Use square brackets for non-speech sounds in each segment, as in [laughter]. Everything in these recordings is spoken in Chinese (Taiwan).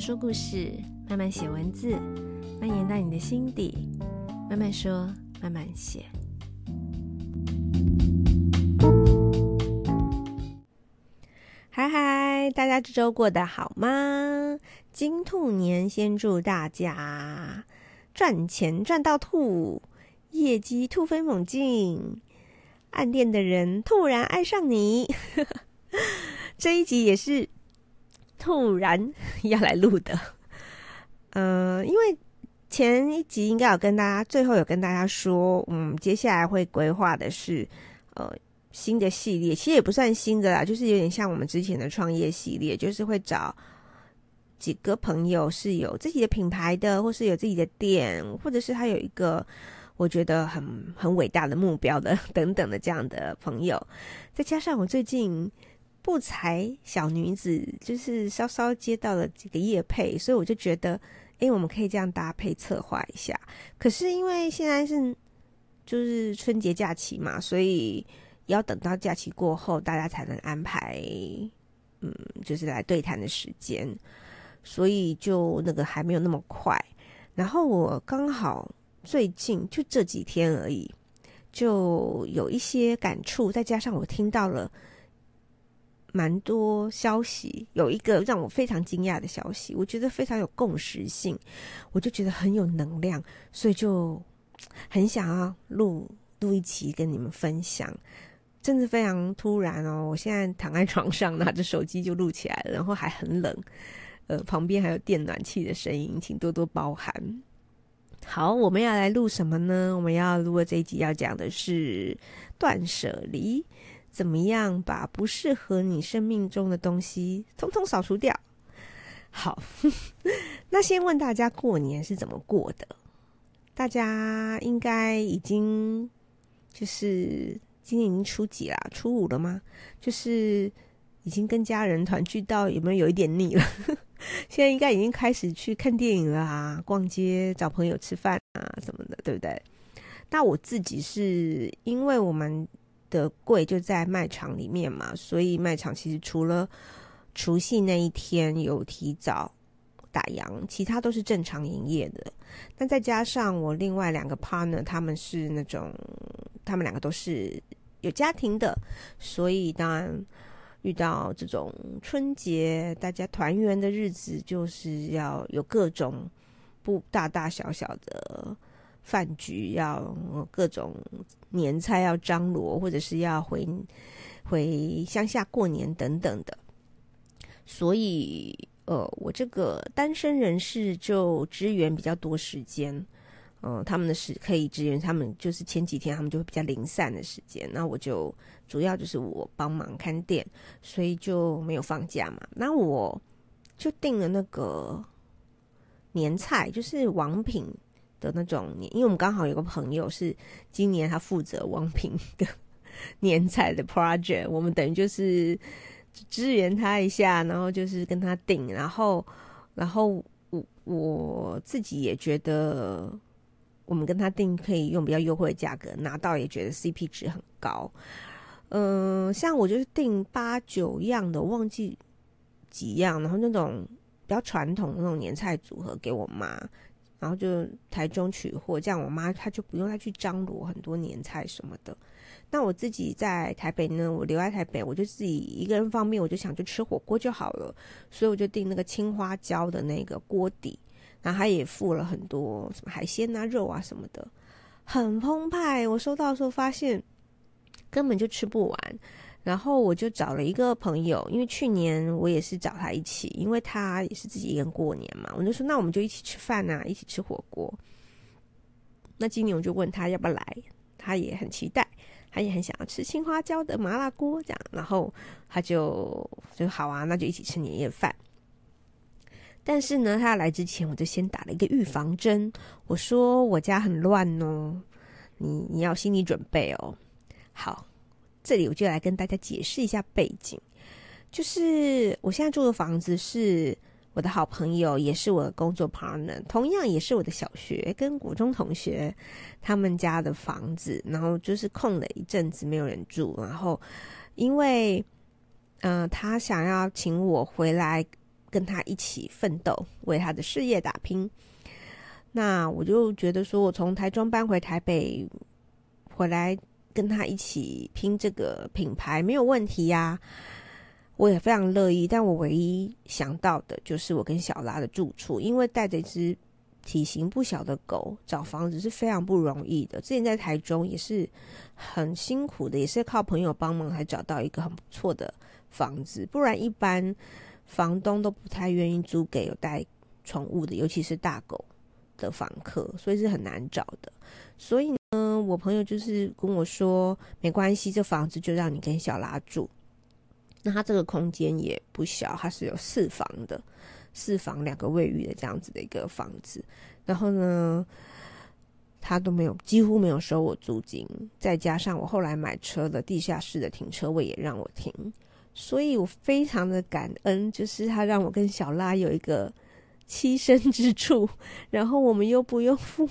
說故事，慢慢寫文字，蔓延到你的心底，慢慢說，慢慢寫。嗨嗨，大家這周過得好嗎？金兔年，先祝大家賺錢賺到吐，業績突飛猛進，暗戀的人突然愛上你。呵呵，這一集也是。突然要來錄的，嗯、呃，因為前一集應該有跟大家，最後有跟大家說，嗯，接下來會規劃的是，呃，新的系列，其實也不算新的啦，就是有點像我們之前的創業系列，就是會找幾個朋友是有自己的品牌的，或是有自己的店，或者是他有一個我覺得很很偉大的目標的，等等的這樣的朋友，再加上我最近。不才小女子，就是稍稍接到了幾個業配，所以我就覺得，哎、欸，我們可以這樣搭配策劃一下。可是因為現在是就是春節假期嘛，所以要等到假期過後，大家才能安排，嗯，就是來對談的時間，所以就那個還沒有那麼快。然後我剛好最近就這幾天而已，就有一些感觸，再加上我聽到了。蠻多消息，有一個讓我非常驚訝的消息，我覺得非常有共時性，我就覺得很有能量，所以就很想要錄錄一期跟你們分享。真的非常突然哦！我現在躺在床上，拿着手機就錄起來了，然後還很冷，呃，旁邊還有電暖氣的聲音，請多多包涵。好，我們要來錄什麼呢？我們要錄的這一集要講的是斷捨離。怎麼樣把不適合你生命中的東西統統掃除掉？好， [laughs] 那先問大家過年是怎麼過的？大家應該已經就是今年已經初幾啦？初五了嗎？就是已經跟家人團聚到有沒有有一點膩了？ [laughs] 現在應該已經開始去看電影啦，啊，逛街、找朋友吃飯啊什麼的，對不對？那我自己是因為我們的櫃就在賣場裡面嘛，所以賣場其實除了除夕那一天有提早打烊，其他都是正常營業的。那再加上我另外兩個 partner，他們是那種，他們兩個都是有家庭的，所以當然遇到這種春節大家團圓的日子，就是要有各種不大大小小的。飯局要各種年菜要張羅，或者是要回回鄉下過年等等的，所以呃，我這個單身人士就支援比較多時間，嗯、呃，他們的事可以支援他們，就是前幾天他們就會比較零散的時間，那我就主要就是我幫忙看店，所以就沒有放假嘛。那我就訂了那個年菜，就是王品。的那種，因為我們剛好有個朋友是今年他負責王平的年菜的 project，我們等於就是支援他一下，然後就是跟他訂，然後然後我我自己也覺得我們跟他訂可以用比較優惠的價格拿到，也覺得 CP 值很高。嗯、呃，像我就是訂八九樣的，忘記幾樣，然後那種比較傳統的那種年菜組合給我媽。然後就台中取貨，這樣我媽她就不用再去張羅很多年菜什麼的。那我自己在台北呢，我留在台北，我就自己一個人方便，我就想去吃火鍋就好了，所以我就訂那個青花椒的那個鍋底，然後他也附了很多什麼海鮮啊、肉啊什麼的，很澎湃。我收到的時候發現根本就吃不完。然後我就找了一個朋友，因為去年我也是找他一起，因為他也是自己一個人過年嘛，我就說那我們就一起吃飯啊，一起吃火鍋。那今年我就問他要不要來，他也很期待，他也很想要吃青花椒的麻辣鍋這樣，然後他就，就好啊，那就一起吃年夜飯。但是呢，他來之前我就先打了一個預防針，我說我家很亂哦，你你要心理準備哦，好。這裡我就來跟大家解釋一下背景，就是我現在住的房子是我的好朋友，也是我的工作 partner，同樣也是我的小學跟國中同學他們家的房子，然後就是空了一陣子沒有人住，然後因為，嗯、呃，他想要請我回來跟他一起奮鬥，為他的事業打拼，那我就覺得說我從台中搬回台北回來。跟他一起拼這個品牌沒有問題呀，啊，我也非常樂意。但我唯一想到的就是我跟小拉的住處，因為帶着一隻體型不小的狗，找房子是非常不容易的。之前在台中也是很辛苦的，也是靠朋友幫忙才找到一個很不錯的房子，不然一般房東都不太願意租給有帶寵物的，尤其是大狗，的房客，所以是很難找的。所以呢，我朋友就是跟我說，沒關係，這房子就讓你跟小拉住。那他這個空間也不小，他是有四房的，四房兩個衛浴的這樣子的一個房子。然後呢，他都沒有，幾乎沒有收我租金。再加上我後來買車的地下室的停車位也讓我停，所以我非常的感恩，就是他讓我跟小拉有一個。棲身之處，然後我們又不用付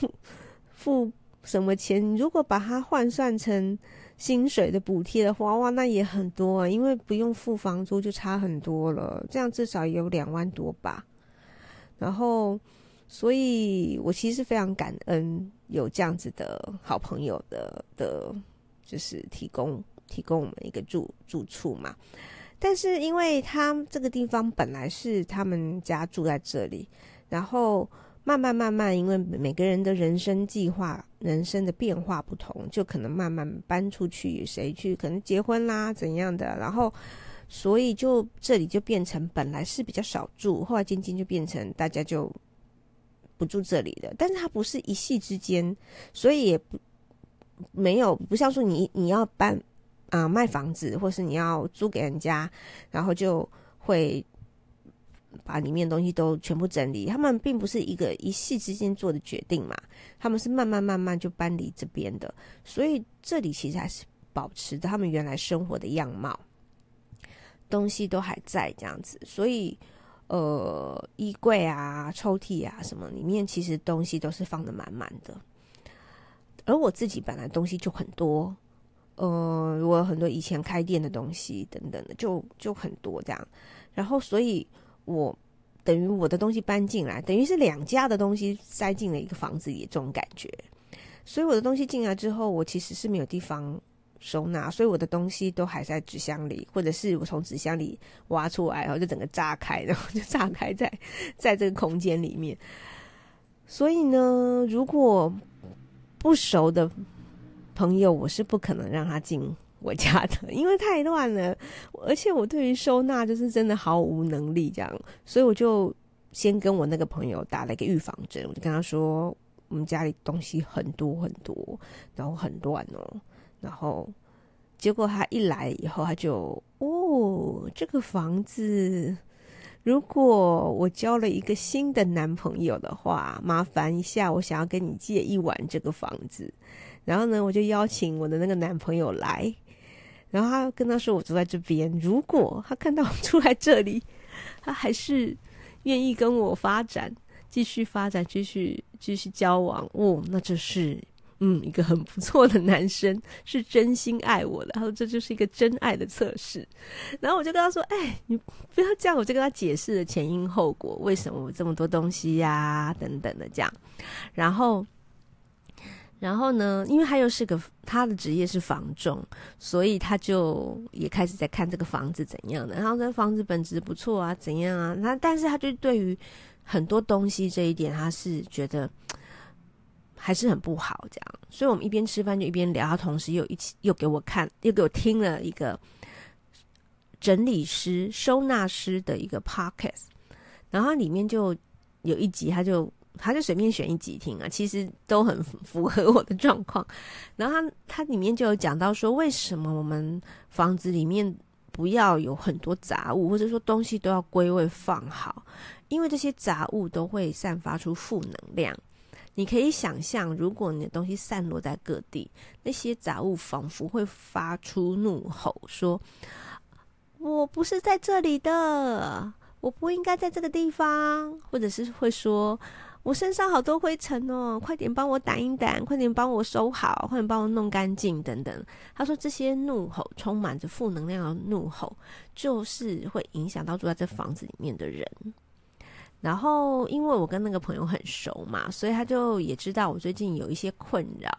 付什麼錢。如果把它換算成薪水的補貼的話，哇，那也很多啊，因為不用付房租就差很多了。這樣至少也有兩萬多吧。然後，所以我其實非常感恩有這樣子的好朋友的的，就是提供提供我們一個住住處嘛。但是，因為他這個地方本來是他們家住在這裡，然後慢慢慢慢，因為每個人的人生計劃、人生的變化不同，就可能慢慢搬出去，誰去可能結婚啦怎樣的，然後所以就這裡就變成本來是比較少住，後來漸漸就變成大家就不住這裡的，但是他不是一夕之間，所以也不沒有不像說你你要搬，啊、呃，賣房子，或是你要租給人家，然後就會把裡面的東西都全部整理。他們並不是一個一夕之間做的決定嘛，他們是慢慢慢慢就搬離這邊的，所以這裡其實還是保持他們原來生活的樣貌，東西都還在這樣子。所以，呃，衣櫃啊、抽屜啊什麼裡面，其實東西都是放得滿滿的。而我自己本來東西就很多。呃，我很多以前開店的東西等等的，就就很多這樣。然後，所以我等於我的東西搬進來，等於是兩家的東西塞進了一個房子裡，這種感覺。所以我的東西進來之後，我其實是沒有地方收納，所以我的東西都還在紙箱裡，或者是我從紙箱裡挖出來，然後就整個炸開，然後就炸開在在這個空間裡面。所以呢，如果不熟的，朋友，我是不可能讓他進我家的，因為太亂了，而且我對於收納就是真的毫無能力這樣，所以我就先跟我那個朋友打了一個預防針，我就跟他說，我們家裡東西很多很多，然後很亂哦，然後結果他一來以後，他就哦，這個房子。如果我交了一個新的男朋友的話，麻煩一下，我想要跟你借一晚這個房子，然後呢，我就邀請我的那個男朋友來，然後他跟他說我住在這邊，如果他看到我住在這裡，他還是願意跟我發展，繼續發展，繼續繼續交往，哦，那這是。嗯，一個很不錯的男生是真心愛我的，然後這就是一個真愛的測試。然後我就跟他說：“哎，你不要這樣。”我就跟他解釋了前因後果，為什麼這麼多東西呀、啊，等等的這樣。然後，然後呢，因為他又是個他的職業是房仲，所以他就也開始在看這個房子怎樣的。然後這房子本質不錯啊，怎樣啊？那但是他就對於很多東西這一點，他是覺得。還是很不好，這樣，所以我們一邊吃飯就一邊聊，同時又一起又給我看，又給我聽了一個整理師、收納師的一個 podcast，然後他裡面就有一集，他就他就隨便選一集聽啊，其實都很符合我的狀況。然後他他裡面就有講到說，為什麼我們房子裡面不要有很多雜物，或者說東西都要歸位放好，因為這些雜物都會散發出負能量。你可以想象，如果你的東西散落在各地，那些雜物仿佛會發出怒吼，說：“我不是在這裡的，我不應該在這個地方。”或者是會說：“我身上好多灰塵哦，快點幫我撣一撣，快點幫我收好，快點幫我弄乾淨。”等等。他說，這些怒吼充滿着負能量的怒吼，就是會影響到住在這房子裡面的人。然後，因為我跟那個朋友很熟嘛，所以他就也知道我最近有一些困擾。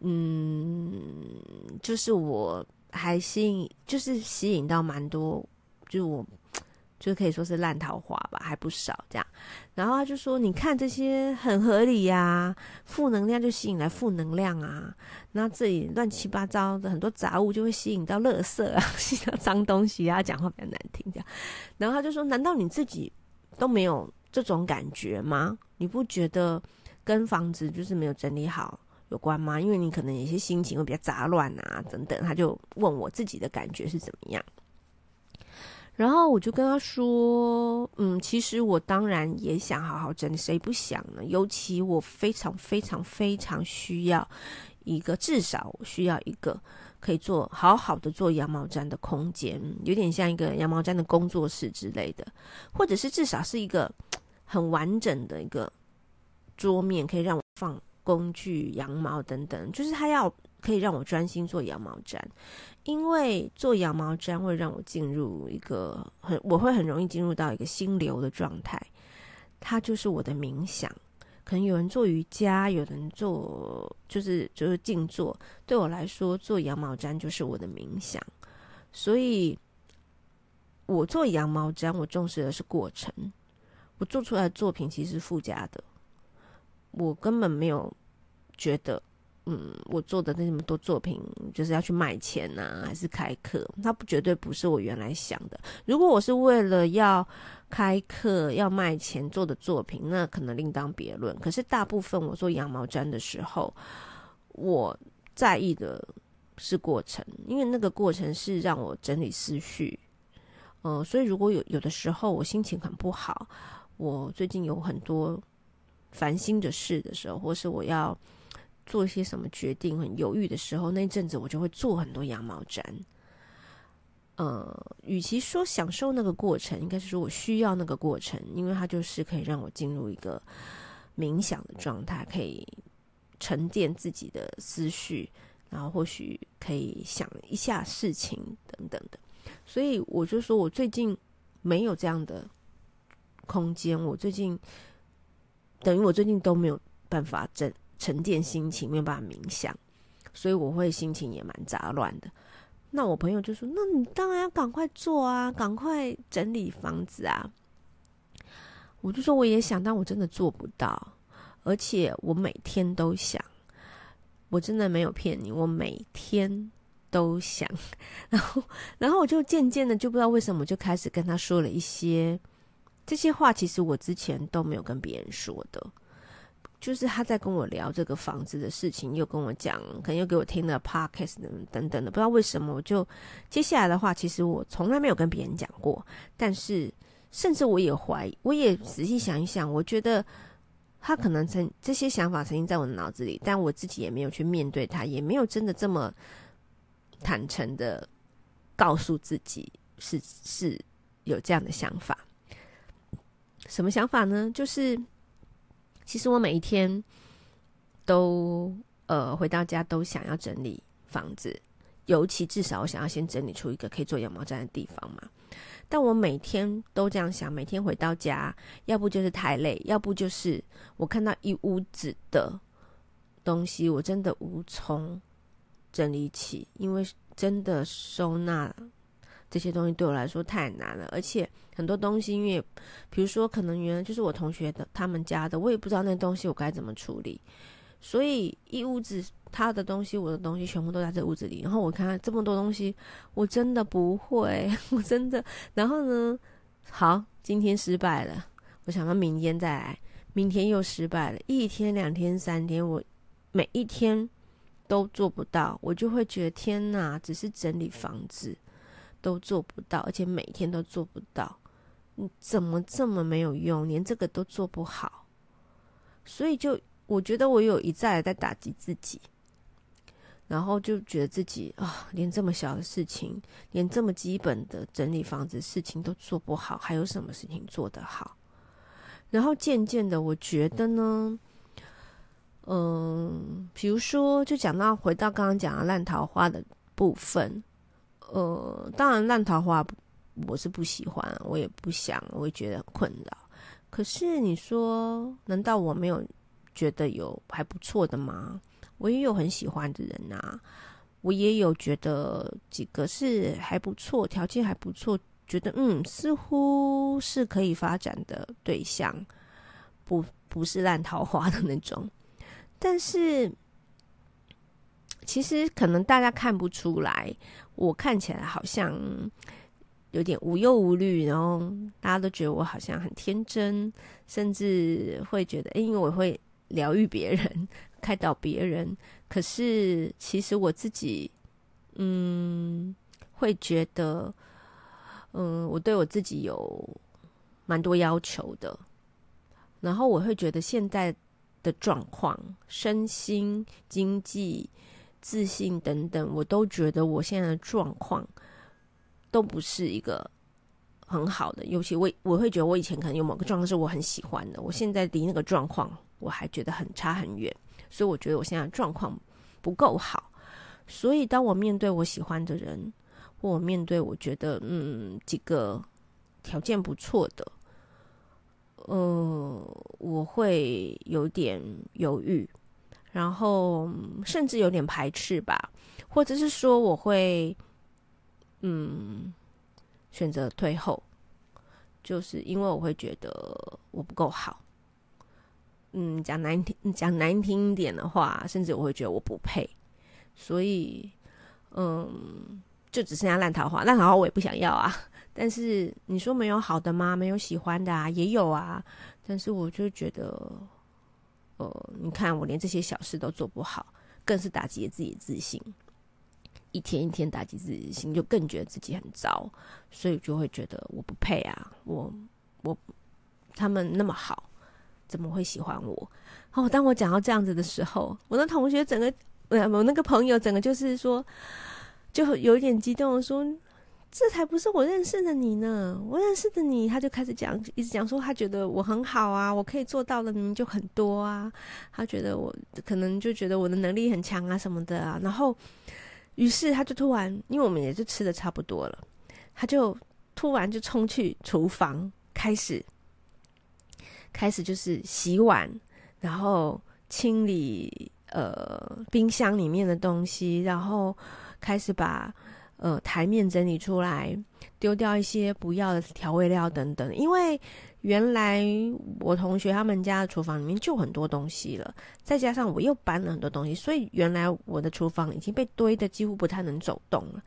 嗯，就是我還吸引，就是吸引到蠻多，就我就可以說是爛桃花吧，還不少這樣。然後他就說：“你看這些很合理呀，負能量就吸引來負能量啊，那這裡亂七八糟的很多雜物就會吸引到垃圾啊，吸引到髒東西啊，講話比較難聽這樣。”然後他就說：“難道你自己？”都沒有這種感覺嗎？你不覺得跟房子就是沒有整理好有關嗎？因為你可能有些心情會比較雜亂啊，等等。他就問我自己的感覺是怎麼樣，然後我就跟他說：“嗯，其實我當然也想好好整理，誰不想呢？尤其我非常非常非常需要一個，至少我需要一個。”可以做好好的做羊毛氈的空間，有點像一個羊毛氈的工作室之類的，或者是至少是一個很完整的一個桌面，可以讓我放工具、羊毛等等。就是它要可以讓我專心做羊毛氈，因為做羊毛氈會讓我進入一個很，我會很容易進入到一個心流的狀態。它就是我的冥想。可能有人做瑜伽，有人做就是就是靜坐。對我來說，做羊毛氈就是我的冥想。所以，我做羊毛氈，我重視的是過程。我做出來的作品其實是附加的，我根本沒有覺得，嗯，我做的那麼多作品，就是要去賣錢啊，還是開課？它不，絕對不是我原來想的。如果我是為了要……開課要賣錢做的作品，那可能另當別論。可是大部分我做羊毛氈的時候，我在意的是過程，因為那個過程是讓我整理思緒。呃，所以如果有有的時候我心情很不好，我最近有很多煩心的事的時候，或是我要做一些什麼決定很猶豫的時候，那一陣子我就會做很多羊毛氈。呃，與其說享受那個過程，應該是說我需要那個過程，因為它就是可以讓我進入一個冥想的狀態，可以沉澱自己的思緒，然後或許可以想一下事情等等的。所以我就說我最近沒有這樣的空間，我最近等於我最近都沒有辦法整，沉澱心情，沒有辦法冥想，所以我會心情也蠻雜亂的。那我朋友就說：“那你當然要趕快做啊，趕快整理房子啊。”我就說：“我也想，但我真的做不到，而且我每天都想。我真的沒有騙你，我每天都想。然後，然後我就漸漸的就不知道為什麼，我就開始跟他說了一些，這些話其實我之前都沒有跟別人說的。”就是他在跟我聊這個房子的事情，又跟我講，可能又給我聽了 podcast 等等，等等的，不知道為什麼，我就接下來的話，其實我從來沒有跟別人講過，但是甚至我也懷疑，我也仔細想一想，我覺得他可能曾這些想法曾經在我的腦子裡，但我自己也沒有去面對他，也沒有真的這麼坦誠的告訴自己是是有這樣的想法，什麼想法呢？就是。其實我每一天都呃回到家都想要整理房子，尤其至少我想要先整理出一個可以做羊毛氈的地方嘛。但我每天都這樣想，每天回到家，要不就是太累，要不就是我看到一屋子的東西，我真的無從整理起，因為真的收納。這些東西對我來說太難了，而且很多東西，因為，比如說，可能原來就是我同學的他們家的，我也不知道那東西我該怎麼處理，所以一屋子他的東西，我的東西全部都在這屋子裡。然後我看這麼多東西，我真的不會，我真的。然後呢，好，今天失敗了，我想到明天再來，明天又失敗了，一天、兩天、三天，我每一天都做不到，我就會覺得天哪，只是整理房子。都做不到，而且每天都做不到，怎麼這麼沒有用？連這個都做不好，所以就我覺得我有一再來在打擊自己，然後就覺得自己啊、哦，連這麼小的事情，連這麼基本的整理房子事情都做不好，還有什麼事情做得好？然後漸漸的，我覺得呢，嗯，比如說，就講到回到剛剛講的爛桃花的部分。呃，當然爛桃花，我是不喜歡，我也不想，我也覺得很困擾。可是你說，難道我沒有覺得有還不錯的嗎？我也有很喜歡的人吶、啊，我也有覺得幾個是還不錯，條件還不錯，覺得嗯，似乎是可以發展的對象，不不是爛桃花的那種。但是其實可能大家看不出來。我看起來好像有點無憂無慮，然後大家都覺得我好像很天真，甚至會覺得，欸，因為我會療癒別人、開導別人。可是其實我自己，嗯，會覺得，嗯，我對我自己有蠻多要求的。然後我會覺得現在的狀況，身心、經濟。自信等等，我都覺得我現在的狀況都不是一個很好的。尤其我我會覺得我以前可能有某個狀況是我很喜歡的，我現在離那個狀況我還覺得很差很遠，所以我覺得我現在狀況不夠好。所以當我面對我喜歡的人，或我面對我覺得嗯幾個條件不錯的，呃，我會有點猶豫。然後甚至有點排斥吧，或者是說我會，嗯，選擇退後，就是因為我會覺得我不夠好，嗯，講難聽講難聽一點的話，甚至我會覺得我不配，所以，嗯，就只剩下爛桃花，爛桃花我也不想要啊。但是你說沒有好的嗎？沒有喜歡的啊，也有啊。但是我就覺得。呃，你看我連這些小事都做不好，更是打擊自己的自信。一天一天打擊自己自信，就更覺得自己很糟，所以就會覺得我不配啊，我我他們那麼好，怎麼會喜歡我？哦，當我講到這樣子的時候，我的同學整個，我那個朋友整個就是說，就有點激動說。這才不是我認識的你呢！我認識的你，他就開始講，一直講說他覺得我很好啊，我可以做到的明明就很多啊。他覺得我可能就覺得我的能力很強啊什麼的啊。然後，於是他就突然，因為我們也就吃的差不多了，他就突然就衝去廚房，開始開始就是洗碗，然後清理呃冰箱裡面的東西，然後開始把。呃，檯面整理出來，丟掉一些不要的調味料等等。因為原來我同學他們家的廚房裡面就很多東西了，再加上我又搬了很多東西，所以原來我的廚房已經被堆得幾乎不太能走動了。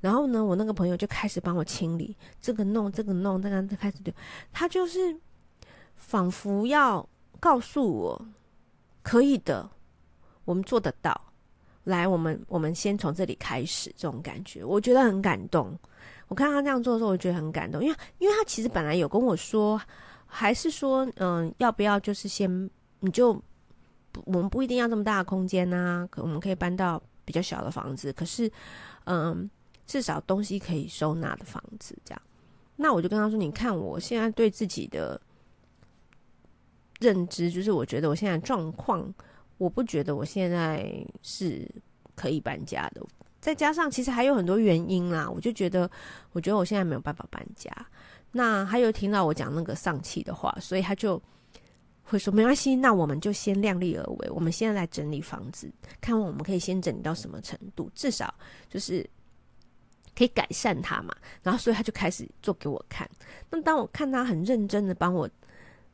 然後呢，我那個朋友就開始幫我清理，這個弄，這個弄，剛、這個開始丟，他就是仿佛要告訴我，可以的，我們做得到。來，我們我們先從這裡開始，這種感覺我覺得很感動。我看他這樣做的時候，我覺得很感動，因為因為他其實本來有跟我說，還是說，嗯，要不要就是先你就，我們不一定要這麼大的空間啊，可我們可以搬到比較小的房子，可是，嗯，至少東西可以收納的房子這樣。那我就跟他說，你看我現在對自己的認知，就是我覺得我現在狀況。我不覺得我現在是可以搬家的，再加上其實還有很多原因啦，我就覺得，我覺得我現在沒有辦法搬家。那他又聽到我講那個喪氣的話，所以他就會說沒關係，那我們就先量力而為，我們現在來整理房子，看我們可以先整理到什麼程度，至少就是可以改善它嘛。然後所以他就開始做給我看。那當我看他很認真的幫我，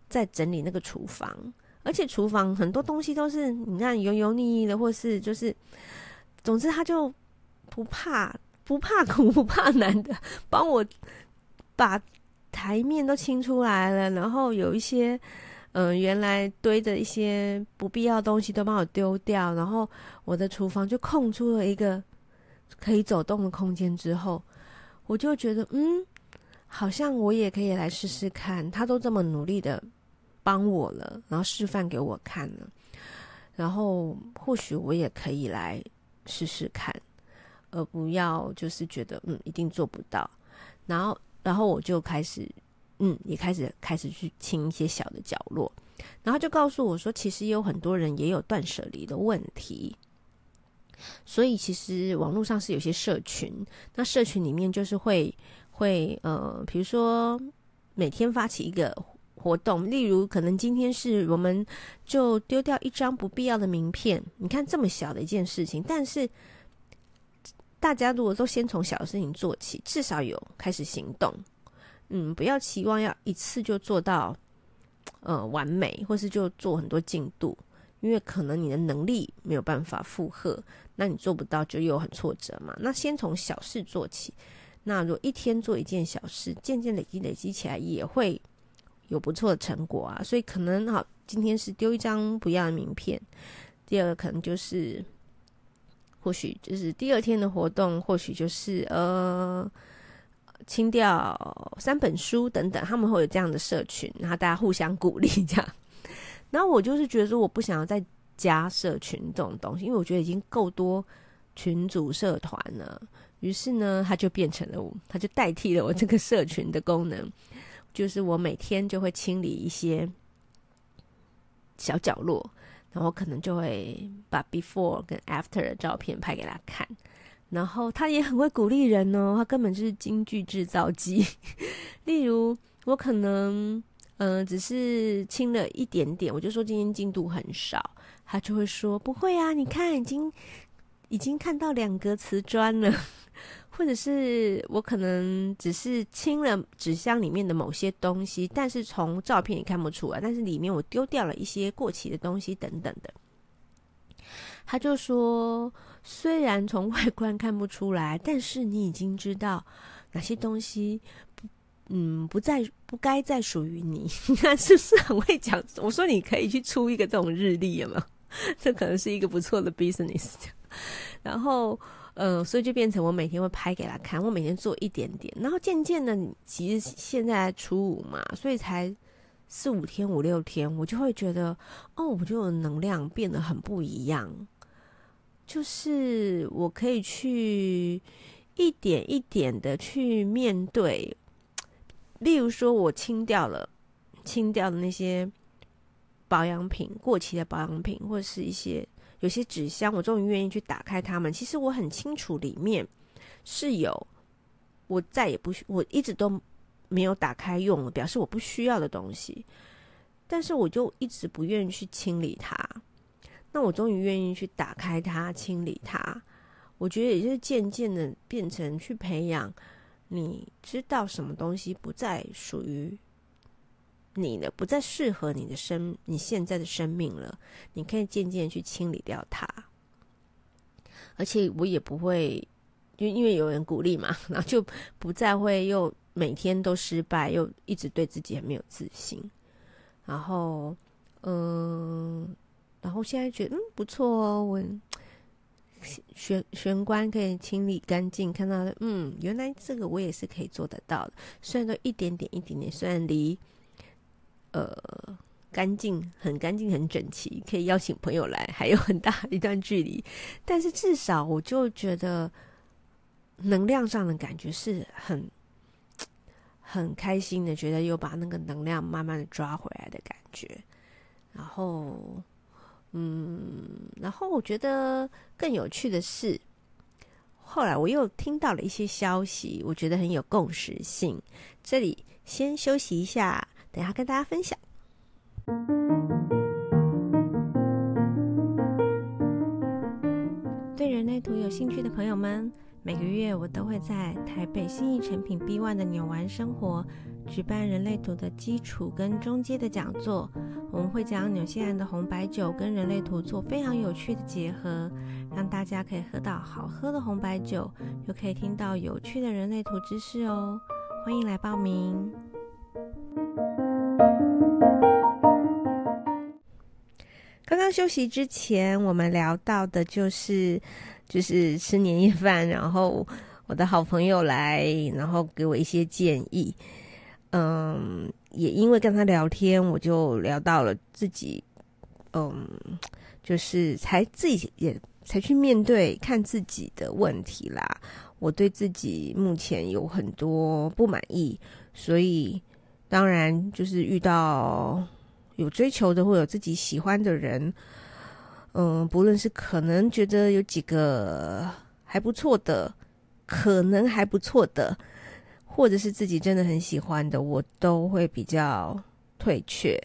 在整理那個廚房。而且廚房很多東西都是你看油油膩膩的，或是就是，總之他就不怕，不怕苦，不怕難的，幫我把台面都清出來了，然後有一些嗯、呃、原來堆的一些不必要東西都幫我丟掉，然後我的廚房就空出了一個可以走動的空間。之後我就覺得嗯，好像我也可以來試試看，他都這麼努力的。幫我了，然後示範給我看了，然後或許我也可以來試試看，而不要就是覺得嗯一定做不到。然後，然後我就開始嗯也開始開始去清一些小的角落，然後就告訴我說，其實也有很多人也有斷舍離的問題，所以其實網絡上是有些社群，那社群裡面就是會會呃，比如說每天發起一個。活動，例如可能今天是我們就丟掉一張不必要的名片。你看這麼小的一件事情，但是大家如果都先從小事情做起，至少有開始行動。嗯，不要期望要一次就做到呃完美，或是就做很多進度，因為可能你的能力沒有辦法負荷，那你做不到就又很挫折嘛。那先從小事做起，那如果一天做一件小事，漸漸累積累積起來也會。有不錯的成果啊，所以可能好，今天是丟一張不要的名片。第二個可能就是，或許就是第二天的活動，或許就是呃，清掉三本書等等。他們會有這樣的社群，然後大家互相鼓勵這樣。然後我就是覺得說我不想要再加社群這種東西，因為我覺得已經夠多群組社團了。於是呢，它就變成了，我，它就代替了我這個社群的功能。 [laughs] 就是我每天就會清理一些小角落，然後我可能就會把 before 跟 after 的照片拍給他看，然後他也很會鼓勵人哦，他根本就是金句製造機。 [laughs] 例如我可能嗯、呃、只是清了一點點，我就說今天進度很少，他就會說不會啊，你看已經已經看到兩個瓷磚了。或者是我可能只是清了紙箱裡面的某些東西，但是從照片也看不出來。但是裡面我丟掉了一些過期的東西等等的。他就說，雖然從外觀看不出來，但是你已經知道哪些東西不，嗯，不再不該再屬於你。那 [laughs] 是不是很會講？我說你可以去出一個這種日曆嗎？ [laughs] 這可能是一個不錯的 business。 [laughs] 然後。嗯，所以就變成我每天會拍給他看，我每天做一點點，然後漸漸的，其實現在初五嘛，所以才四五天五六天，我就會覺得，哦，我就有能量變得很不一樣，就是我可以去一點一點的去面對，例如說我清掉了，清掉的那些保養品，過期的保養品，或者是一些。有些紙箱，我終於願意去打開它們。其實我很清楚裡面是有我再也不需，我一直都沒有打開用了，表示我不需要的東西。但是我就一直不願意去清理它。那我終於願意去打開它，清理它。我覺得也就是漸漸的變成去培養，你知道什麼東西不再屬於。你的不再適合你的生，你現在的生命了，你可以漸漸去清理掉它。而且我也不會，因因為有人鼓勵嘛，然後就不再會又每天都失敗，又一直對自己很沒有自信。然後，嗯、呃，然後現在覺得嗯不錯哦，我玄玄關可以清理乾淨，看到了嗯，原來這個我也是可以做得到的。雖然都一點點一點點，雖然離。呃，乾淨，很乾淨，很整齊，可以邀請朋友來，還有很大一段距離。但是至少，我就覺得能量上的感覺是很很開心的，覺得又把那個能量慢慢的抓回來的感覺。然後，嗯，然後我覺得更有趣的是，後來我又聽到了一些消息，我覺得很有共識性。這裡先休息一下。等下跟大家分享。對人類圖有興趣的朋友們，每個月我都會在台北信義誠品 B1 的紐玩生活舉辦人類圖的基礎跟中階的講座。我們會將紐西蘭的紅白酒跟人類圖做非常有趣的結合，讓大家可以喝到好喝的紅白酒，又可以聽到有趣的人類圖知識哦。歡迎來報名。剛剛休息之前，我們聊到的就是，就是吃年夜飯，然後我的好朋友來，然後給我一些建議。嗯，也因為跟他聊天，我就聊到了自己，嗯，就是才自己也才去面對看自己的問題啦。我對自己目前有很多不滿意，所以當然就是遇到。有追求的，或有自己喜歡的人，嗯，不論是可能覺得有幾個還不錯的，可能還不錯的，或者是自己真的很喜歡的，我都會比較退卻，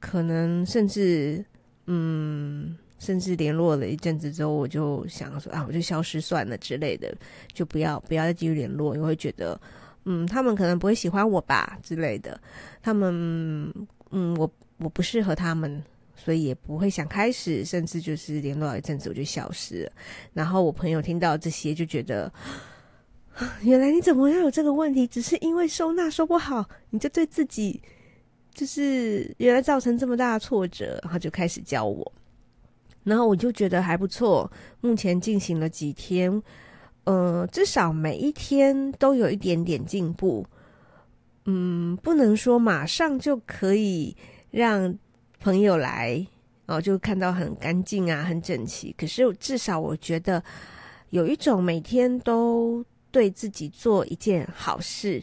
可能甚至嗯，甚至聯絡了一陣子之後，我就想說啊，我就消失算了之類的，就不要不要再繼續聯絡，因為覺得嗯，他們可能不會喜歡我吧之類的，他們嗯，我。我不適合他們，所以也不會想開始，甚至就是聯絡了一陣子我就消失了。然後我朋友聽到這些就覺得，原來你怎麼要有這個問題？只是因為收納收不好，你就對自己就是原來造成這麼大的挫折，然後就開始教我。然後我就覺得還不錯，目前進行了幾天，嗯、呃，至少每一天都有一點點進步。嗯，不能說馬上就可以。讓朋友來哦，就看到很乾淨啊，很整齊。可是至少我覺得有一種每天都對自己做一件好事，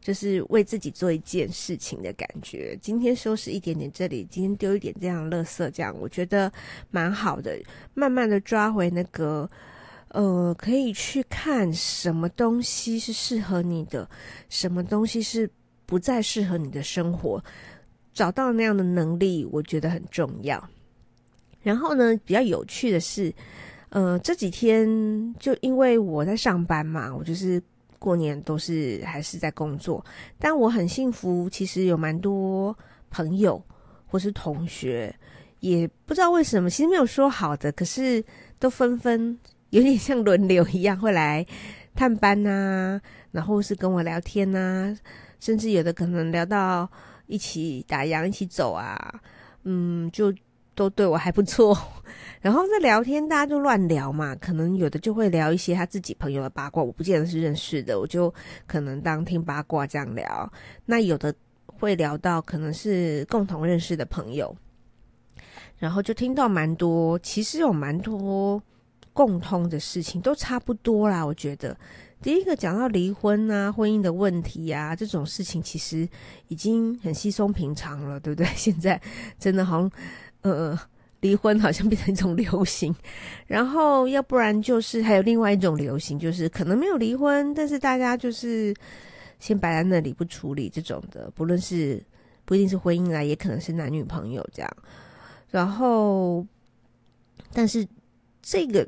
就是為自己做一件事情的感覺。今天收拾一點點這裡，今天丟一點這樣垃圾，這樣我覺得蠻好的。慢慢的抓回那個，呃，可以去看什麼東西是適合你的，什麼東西是不再適合你的生活。找到那樣的能力，我覺得很重要。然後呢，比較有趣的是，呃，這幾天就因為我在上班嘛，我就是過年都是還是在工作。但我很幸福，其實有蠻多朋友或是同學，也不知道為什麼，其實沒有說好的，可是都紛紛有點像輪流一樣會來探班啊，然後是跟我聊天啊，甚至有的可能聊到。一起打烊，一起走啊，嗯，就都對我還不錯。然後在聊天，大家就亂聊嘛，可能有的就會聊一些他自己朋友的八卦，我不見得是認識的，我就可能當聽八卦這樣聊。那有的會聊到可能是共同認識的朋友，然後就聽到蠻多，其實有蠻多共通的事情，都差不多啦，我覺得。第一個講到離婚啊，婚姻的問題啊，這種事情其實已經很稀鬆平常了，對不對？現在真的好像，呃，離婚好像變成一種流行。然後，要不然就是還有另外一種流行，就是可能沒有離婚，但是大家就是先擺在那裡不處理這種的，不論是不一定是婚姻啊，也可能是男女朋友這樣。然後，但是這個。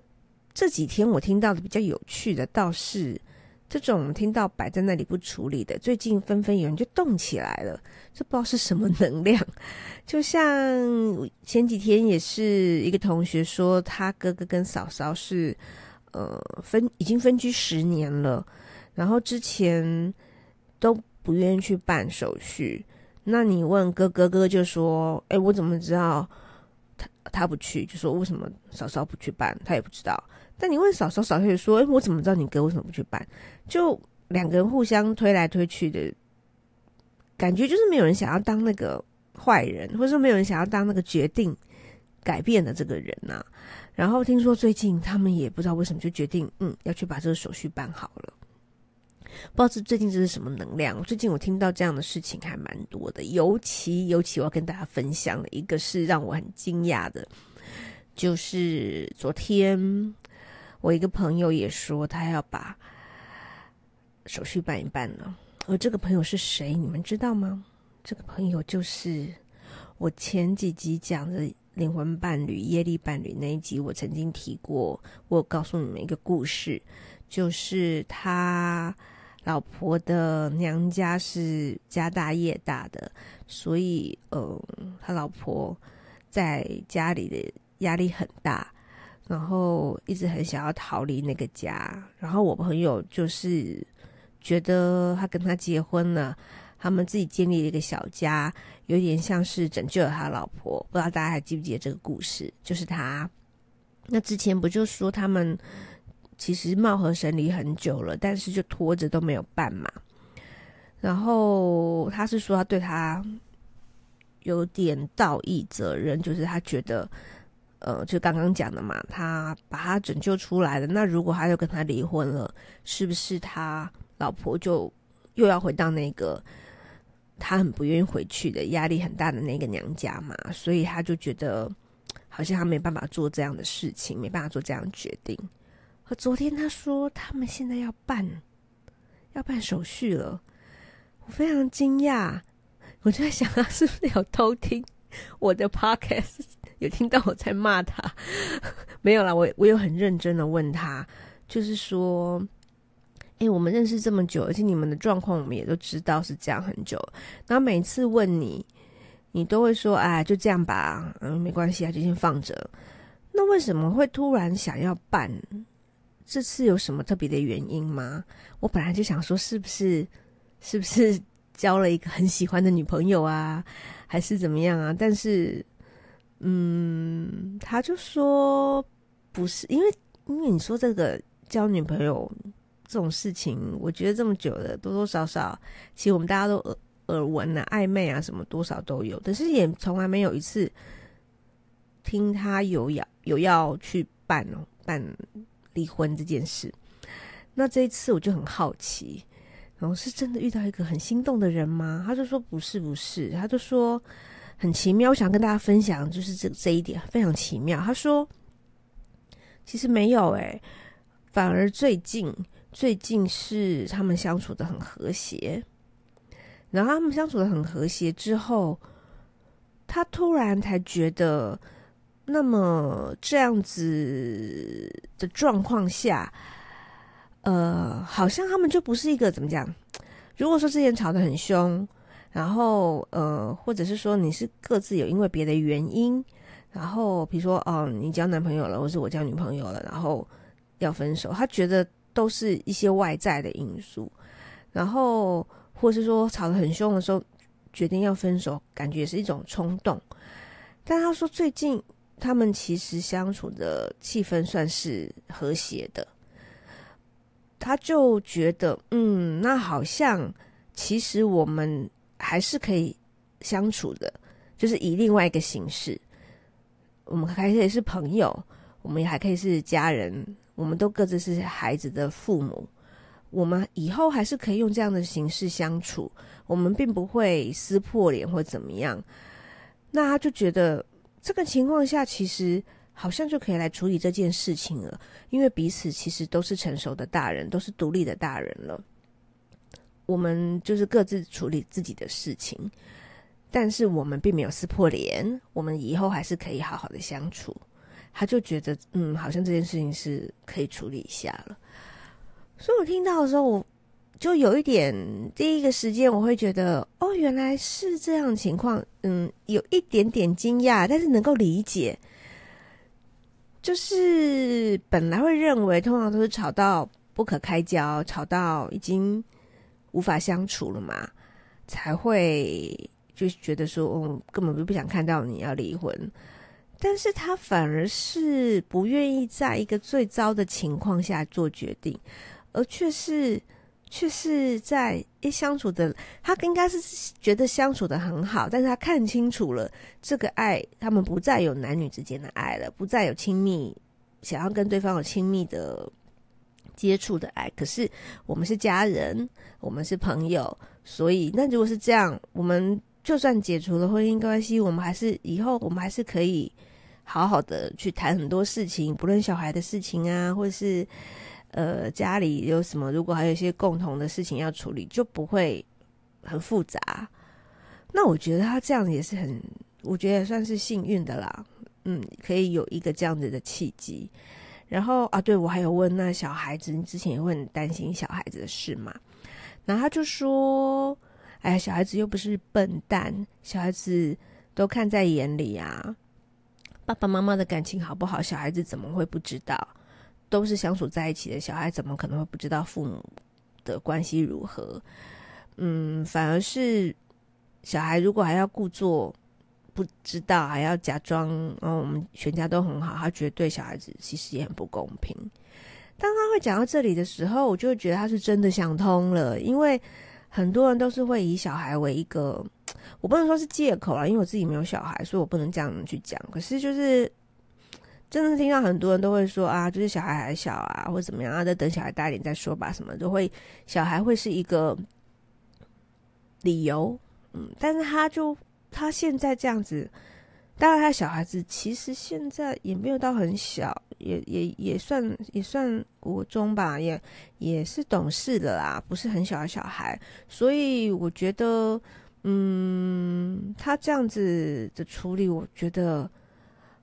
這幾天我聽到的比較有趣的倒是，這種聽到擺在那裡不處理的，最近紛紛有人就動起來了，這不知道是什麼能量。就像前幾天也是一個同學說，他哥哥跟嫂嫂是，呃，分已經分居十年了，然後之前都不願意去辦手續。那你問哥哥，哥就說，哎、欸，我怎麼知道他他不去？就說為什麼嫂嫂不去辦，他也不知道。但你問嫂嫂，嫂子說誒：“我怎麼知道你哥為什麼不去辦？”就兩個人互相推來推去的，感覺就是沒有人想要當那個壞人，或者說沒有人想要當那個決定改變的這個人吶、啊。然後聽說最近他們也不知道為什麼就決定，嗯，要去把這個手續辦好了。不知道是最近這是什麼能量？最近我聽到這樣的事情還蠻多的，尤其尤其我要跟大家分享的一個是讓我很驚訝的，就是昨天。我一個朋友也說他要把手續辦一辦了，而這個朋友是誰，你們知道嗎？這個朋友就是我前幾集講的靈魂伴侶、業力伴侶那一集，我曾經提過，我有告訴你們一個故事，就是他老婆的娘家是家大業大的，所以嗯、呃，他老婆在家裡的壓力很大。然後一直很想要逃離那個家，然後我朋友就是覺得他跟他結婚了，他們自己建立了一個小家，有點像是拯救了他老婆。不知道大家還記不記得這個故事？就是他那之前不就說他們其實貌合神離很久了，但是就拖着都沒有辦嘛。然後他是說他對他有點道義責任，就是他覺得。呃，就剛剛講的嘛，他把他拯救出來了。那如果他又跟他離婚了，是不是他老婆就又要回到那個他很不願意回去的壓力很大的那個娘家嘛。所以他就覺得好像他沒辦法做這樣的事情，沒辦法做這樣的決定。而昨天他說他們現在要辦要辦手續了，我非常驚訝，我就在想他是不是有偷聽我的 Podcast。有聽到我在罵他， [laughs] 沒有啦。我我有很認真的問他，就是說，哎、欸，我們認識這麼久，而且你們的狀況我們也都知道是這樣很久。然後每次問你，你都會說，啊，就這樣吧，嗯，沒關係啊，就先放着。那為什麼會突然想要辦？這次有什麼特別的原因嗎？我本來就想說，是不是是不是交了一個很喜歡的女朋友啊，還是怎麼樣啊？但是。嗯，他就說不是，因為因為你說這個交女朋友這種事情，我覺得這麼久了，多多少少，其實我們大家都耳耳聞了，曖昧啊什麼，多少都有，但是也從來沒有一次聽他有要有要去辦哦辦離婚這件事。那這一次我就很好奇，然後是真的遇到一個很心動的人嗎？他就說不是不是，他就說。很奇妙，我想跟大家分享，就是這這一點非常奇妙。他說：“其實沒有誒、欸，反而最近最近是他們相處的很和諧。然後他們相處的很和諧之後，他突然才覺得，那麼這樣子的狀況下，呃，好像他們就不是一個怎麼講？如果說之前吵得很凶。”然後，呃，或者是說你是各自有因為別的原因，然後比如說哦，你交男朋友了，或是我交女朋友了，然後要分手，他覺得都是一些外在的因素，然後或者是說吵得很凶的時候，決定要分手，感覺也是一種衝動。但他說最近他們其實相處的氣氛算是和諧的，他就覺得嗯，那好像其實我們。還是可以相處的，就是以另外一個形式，我們還可以是朋友，我們也還可以是家人，我們都各自是孩子的父母，我們以後還是可以用這樣的形式相處，我們並不會撕破臉或怎麼樣。那他就覺得這個情況下，其實好像就可以來處理這件事情了，因為彼此其實都是成熟的大人，都是獨立的大人了。我們就是各自處理自己的事情，但是我們並沒有撕破臉，我們以後還是可以好好的相處。他就覺得，嗯，好像這件事情是可以處理一下了。所以我聽到的時候，我就有一點，第一個時間我會覺得，哦，原來是這樣的情況，嗯，有一點點驚訝，但是能夠理解。就是本來會認為，通常都是吵到不可開交，吵到已經。無法相處了嘛，才會就覺得說，我、嗯、根本就不想看到你要離婚，但是他反而是不願意在一個最糟的情況下做決定，而卻是卻是在一、欸、相處的，他應該是覺得相處的很好，但是他看清楚了這個愛，他們不再有男女之間的愛了，不再有親密，想要跟對方有親密的接觸的愛，可是我們是家人，我們是朋友，所以那如果是這樣，我們就算解除了婚姻關係，我們還是以後我們還是可以好好的去談很多事情，不論小孩的事情啊，或者是呃家裡有什麼，如果還有一些共同的事情要處理，就不會很複雜。那我覺得他這樣也是很，我覺得也算是幸運的啦，嗯，可以有一個這樣子的契機。然後啊對，對我還有問那小孩子，你之前也會很擔心小孩子的事嘛？然後他就說：“哎呀，小孩子又不是笨蛋，小孩子都看在眼裡啊。爸爸媽媽的感情好不好，小孩子怎麼會不知道？都是相處在一起的小孩，怎麼可能會不知道父母的關係如何？嗯，反而是小孩如果還要故作。”不知道還要假裝，哦、嗯，我們全家都很好。他覺得對小孩子其實也很不公平。當他會講到這裡的時候，我就會覺得他是真的想通了。因為很多人都是會以小孩為一個，我不能說是借口啊，因為我自己沒有小孩，所以我不能這樣去講。可是就是真的聽到很多人都會說啊，就是小孩還小啊，或者怎麼樣啊，再等小孩大一點再說吧，什麼的都會，小孩會是一個理由。嗯，但是他就。他現在這樣子，當然他的小孩子，其實現在也沒有到很小，也也也算也算國中吧，也也是懂事的啦，不是很小的小孩，所以我覺得，嗯，他這樣子的處理，我覺得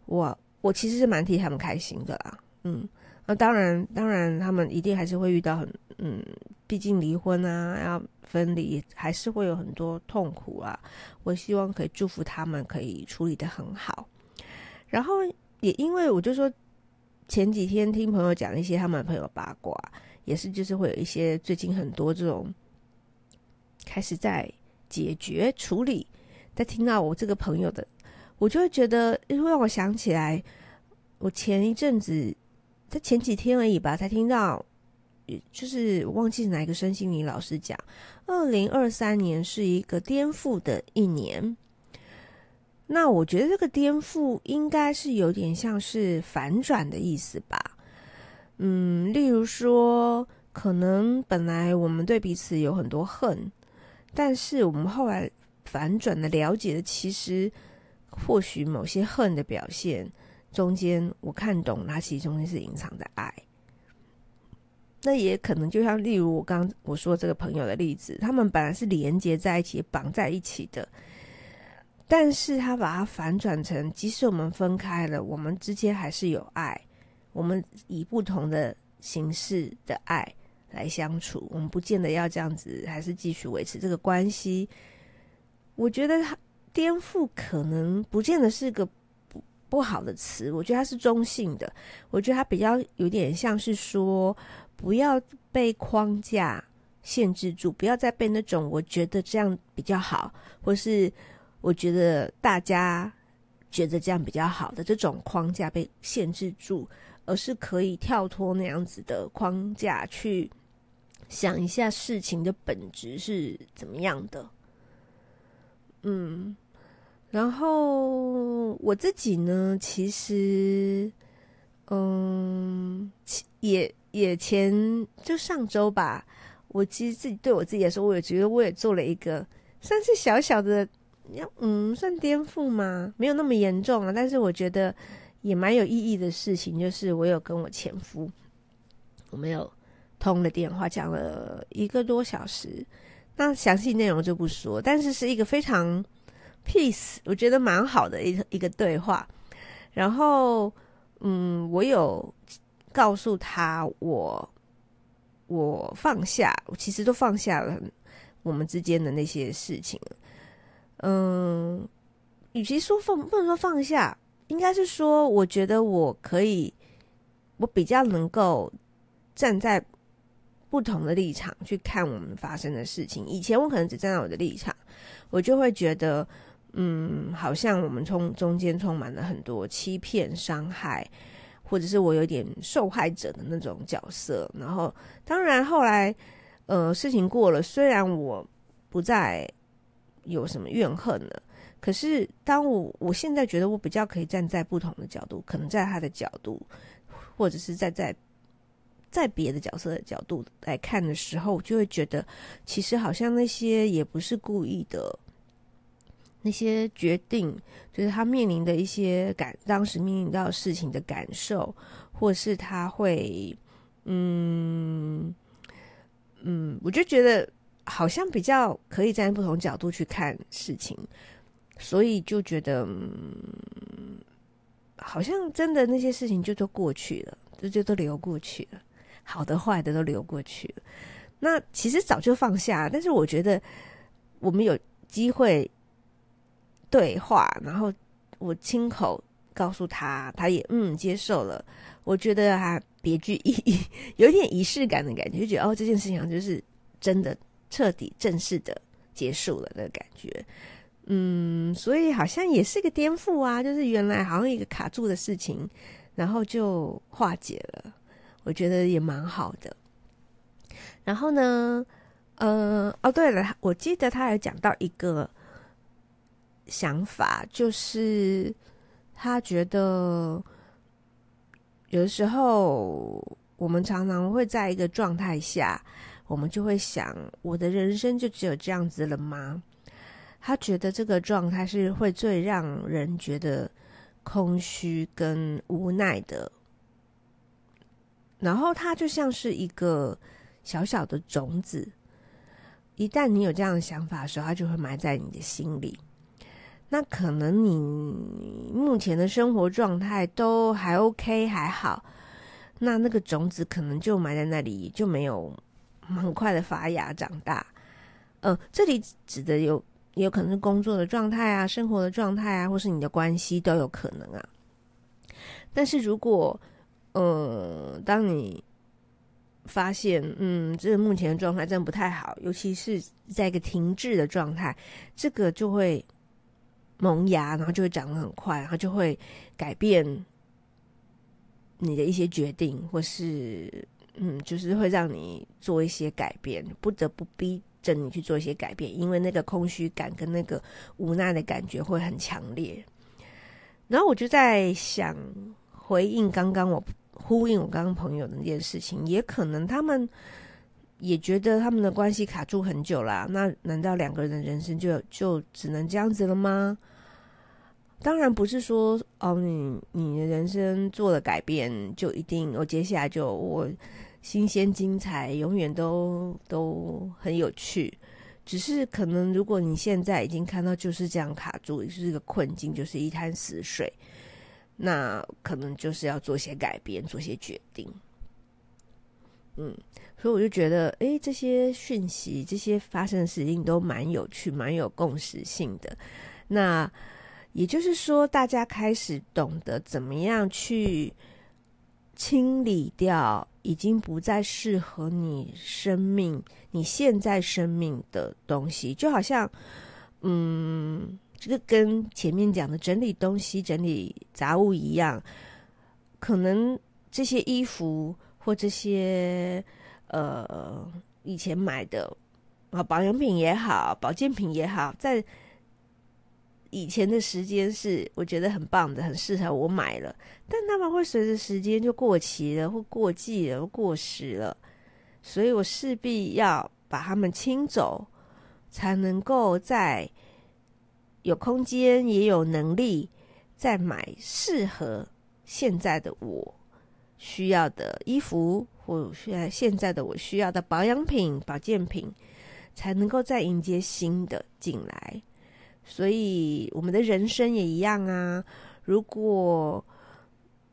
我我其實是蠻替他們開心的啦，嗯，那、啊、當然當然他們一定還是會遇到很，嗯，畢竟離婚啊，要、啊。分離還是會有很多痛苦啊！我希望可以祝福他們，可以處理得很好。然後也因為我就是說，前幾天聽朋友講一些他們的朋友八卦，也是就是會有一些最近很多這種開始在解決處理。在聽到我這個朋友的，我就會覺得，因為讓我想起來，我前一陣子在前幾天而已吧，才聽到。就是我忘記哪一個身心靈老師講，二零二三年是一個顛覆的一年。那我覺得這個顛覆應該是有點像是反轉的意思吧。嗯，例如說，可能本來我們對彼此有很多恨，但是我們後來反轉的了解的，其實或許某些恨的表現中間，我看懂它其實中間是隱藏的愛。那也可能就像例如我剛剛我說這個朋友的例子，他們本來是連接在一起、綁在一起的，但是他把它反轉成，即使我們分開了，我們之間還是有愛，我們以不同的形式的愛來相處，我們不見得要這樣子，還是繼續維持這個關係。我覺得他顛覆可能不見得是個不不好的詞，我覺得它是中性的，我覺得它比較有點像是說，不要被框架限制住，不要再被那種我覺得這樣比較好，或是我覺得大家覺得這樣比較好的這種框架被限制住，而是可以跳脫那樣子的框架去想一下事情的本質是怎麼樣的。嗯，然後我自己呢，其實，嗯，也。以前就上週吧，我其實自己對我自己來說，我也覺得我也做了一個算是小小的，要嗯，算顛覆嘛，沒有那麼嚴重啊。但是我覺得也蠻有意義的事情，就是我有跟我前夫，我們有通了電話，講了一個多小時。那詳細內容就不說，但是是一個非常 peace，我覺得蠻好的一個一個對話。然後嗯，我有。告訴他我，我放下，我其實都放下了我們之間的那些事情。嗯，與其說放，不能說放下，應該是說，我覺得我可以，我比較能夠站在不同的立場去看我們發生的事情。以前我可能只站在我的立場，我就會覺得，嗯，好像我們中中間充滿了很多欺騙、傷害。或者是我有點受害者的那種角色，然後當然後來，呃，事情過了，雖然我不再有什麼怨恨了，可是當我我現在覺得我比較可以站在不同的角度，可能在他的角度，或者是站在在在別的角色的角度來看的時候，我就會覺得其實好像那些也不是故意的。那些決定，就是他面臨的一些感，當時面臨到事情的感受，或是他會，嗯嗯，我就覺得好像比較可以站在不同角度去看事情，所以就覺得，嗯，好像真的那些事情就都過去了，就就都流過去了，好的壞的都流過去了。那其實早就放下，但是我覺得我們有機會對話，然後我親口告訴他，他也嗯接受了。我覺得還別具意義，有點儀式感的感覺，就覺得哦，這件事情就是真的徹底正式的結束了的感覺。嗯，所以好像也是個顛覆啊，就是原來好像一個卡住的事情，然後就化解了。我覺得也蠻好的。然後呢，呃，哦，對了，我記得他有講到一個。想法就是，他覺得有的時候，我們常常會在一個狀態下，我們就會想，我的人生就只有這樣子了嗎？他覺得這個狀態是會最讓人覺得空虛跟無奈的。然後，他就像是一個小小的種子，一旦你有這樣的想法的時候，他就會埋在你的心裡。那可能你目前的生活狀態都還 OK，還好。那那個種子可能就埋在那裡，就沒有很快的發芽長大。嗯、呃，這裡指的有也有可能是工作的狀態啊，生活的狀態啊，或是你的關係都有可能啊。但是如果，呃，當你發現，嗯，這個目前的狀態真的不太好，尤其是在一個停滯的狀態，這個就會。萌芽，然後就會長得很快，然後就會改變你的一些決定，或是嗯，就是會讓你做一些改變，不得不逼着你去做一些改變，因為那個空虛感跟那個無奈的感覺會很強烈。然後我就在想回應剛剛我呼應我剛剛朋友的那件事情，也可能他們。也覺得他們的關係卡住很久了啊，那難道兩個人的人生就就只能這樣子了嗎？當然不是說哦，你你的人生做了改變就一定，我、哦，接下來就我新鮮精彩，永遠都都很有趣。只是可能如果你現在已經看到就是這樣卡住，就是一個困境，就是一灘死水，那可能就是要做些改變，做些決定。嗯。所以我就覺得，哎，這些訊息、這些發生的事情都蠻有趣、蠻有共時性的。那也就是說，大家開始懂得怎麼樣去清理掉已經不再適合你生命、你現在生命的東西，就好像，嗯，這個跟前面講的整理東西、整理雜物一樣，可能這些衣服或這些。呃，以前買的啊，保養品也好，保健品也好，在以前的時間是我覺得很棒的，很適合我買了，但他們會隨着時間就過期了，或過季了，或過時了，所以我勢必要把他們清走，才能夠在有空間，也有能力再買適合現在的我需要的衣服。我現現在的我需要的保養品、保健品，才能夠再迎接新的進來。所以，我們的人生也一樣啊。如果，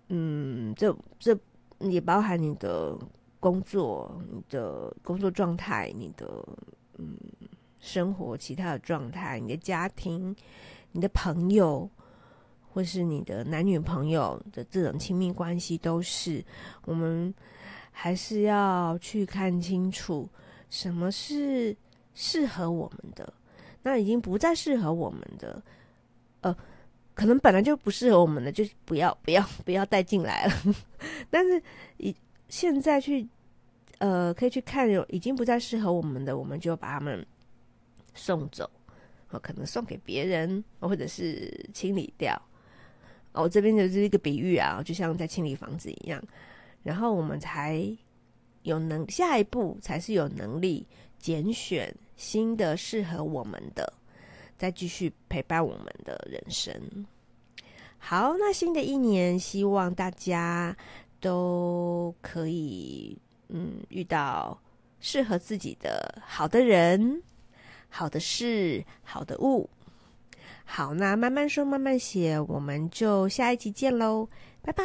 嗯，這這也包含你的工作、你的工作狀態、你的嗯生活、其他的狀態、你的家庭、你的朋友，或是你的男女朋友的這種親密關係，都是我們。還是要去看清楚什麼是適合我們的，那已經不再適合我們的，呃，可能本來就不適合我們的，就不要不要不要帶進來了。 [laughs] 但是以現在去，呃，可以去看有已經不再適合我們的，我們就把他們送走，我、哦、可能送給別人，或者是清理掉。我、哦、這邊就是一個比喻啊，就像在清理房子一樣。然後我們才有能，下一步才是有能力揀選新的適合我們的，再繼續陪伴我們的人生。好，那新的一年，希望大家都可以，嗯，遇到適合自己的好的人、好的事、好的物。好，那慢慢說，慢慢寫，我們就下一期見嘍，拜拜。